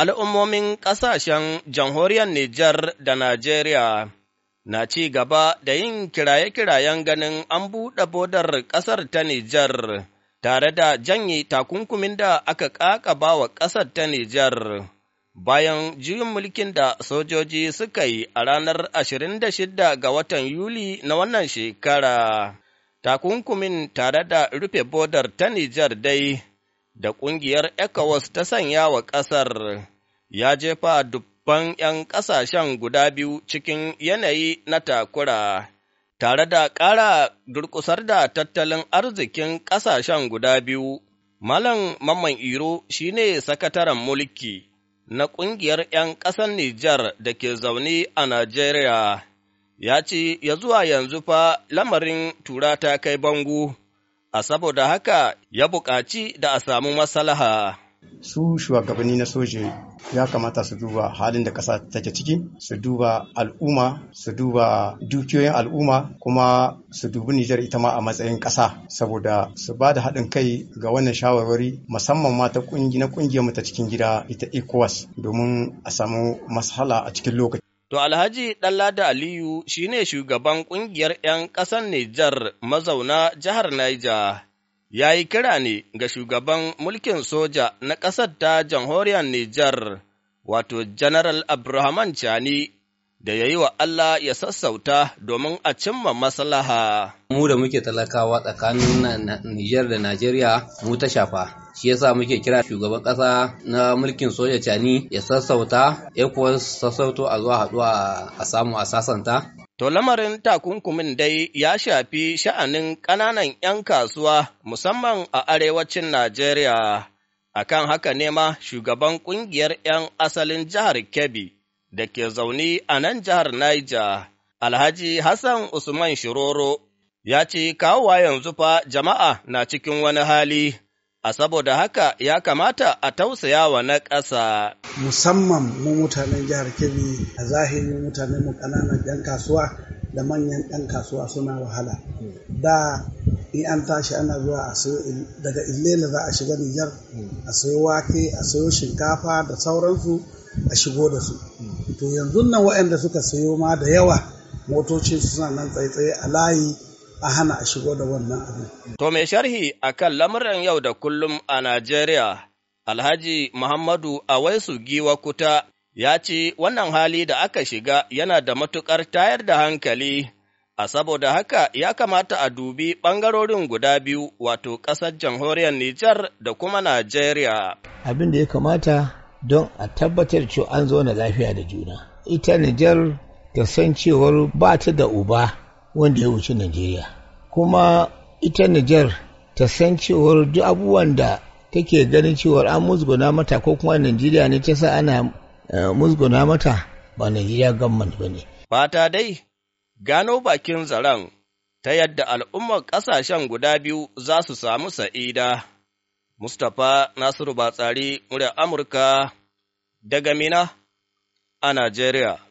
al'ummomin ƙasashen jamhuriyar Nijar da Najeriya na ci gaba da yin kiraye-kirayen ganin an buɗe bodar ƙasar ta Nijar tare da janye takunkumin da aka ƙaƙaba wa ƙasar ta Nijar bayan juyin mulkin da sojoji suka yi a ranar 26 ga watan Yuli na wannan shekara. Takunkumin tare da rufe bodar ta Nijar dai. da ƙungiyar ECOWAS ta sanya wa ƙasar ya jefa dubban ‘yan ƙasashen guda biyu cikin yanayi na takura, tare da ƙara durƙusar da tattalin arzikin ƙasashen guda biyu. Malam Mamman Iro shi ne sakataren mulki na ƙungiyar ‘yan ƙasar Nijar da ke zaune a Najeriya, ya ce, Ya zuwa yanzu fa lamarin tura ta kai bangu. a saboda haka ya buƙaci da a samu masalaha. Su shugabanni na soje ya kamata su duba halin da ƙasa take ciki, su duba al'umma, su duba dukiyoyin al'umma kuma su dubi Nijar ita ma a matsayin ƙasa saboda su ba da haɗin kai ga wannan shawarwari musamman ma ta na ƙungiyar mu ta cikin gida ita ECOWAS domin a samu mashala a cikin lokaci. To Alhaji da Aliyu shi ne shugaban ƙungiyar ‘yan ƙasar Nijar mazauna jihar Naija, ya yi kira ne ga shugaban mulkin soja na ƙasar ta jamhuriyar Nijar, wato General Abrahaman Chani da ya yi wa Allah ya sassauta domin a cimma maslaha. Mu da muke talakawa tsakanin Nijar da Najeriya mu ta shafa. Shi yasa muke kira shugaban ƙasa na mulkin soja cani ya sassauta, ya kuwa sassauto a zuwa haɗuwa a samu a sasanta. To lamarin takunkumin dai ya shafi sha'anin ƙananan 'yan kasuwa musamman a arewacin Najeriya. Akan haka nema shugaban ƙungiyar 'yan asalin jihar Kebbi, da ke zaune a nan jihar Niger, Alhaji Hassan Usman Shiroro, ya ce kawowa yanzu fa jama'a na cikin wani hali, a saboda haka ya kamata a tausaya wa na ƙasa. Musamman mu mutanen jihar Kebbi a zahiri mutanen mu ƙananan 'yan kasuwa da manyan 'yan kasuwa suna wahala. Da in an tashi ana zuwa a sayo daga illela za a shiga Nijar a sayo wake a sayo shinkafa da sauransu a shigo da su to yanzu nan waɗanda suka sayo ma da yawa motocin suna nan tsaitsaye a layi a hana a shigo da wannan abin. To mai sharhi a kan lamuran yau da kullum a Najeriya, Alhaji Muhammadu Awaisu Giwa Kuta ya ce wannan hali da aka shiga yana da matuƙar tayar da hankali, a saboda haka ya kamata a dubi ɓangarorin guda biyu wato ƙasar jamhuriyar Nijar da kuma Najeriya. Abin da ya kamata don a tabbatar cewa an zauna lafiya da juna ita Nijar ta san cewar ba ta da uba wanda ya wuce Najeriya kuma ita Nijar ta san cewar duk abubuwan da take ganin cewar an musguna mata ko kuma Najeriya ne ta sa ana eh, musguna mata ba Najeriya government ba ne. Fata dai gano bakin zaren ta yadda al'ummar ƙasashen guda biyu za su samu sa'ida. Mustapha Nasiru Batsari, muryar Amurka daga Mina a Najeriya.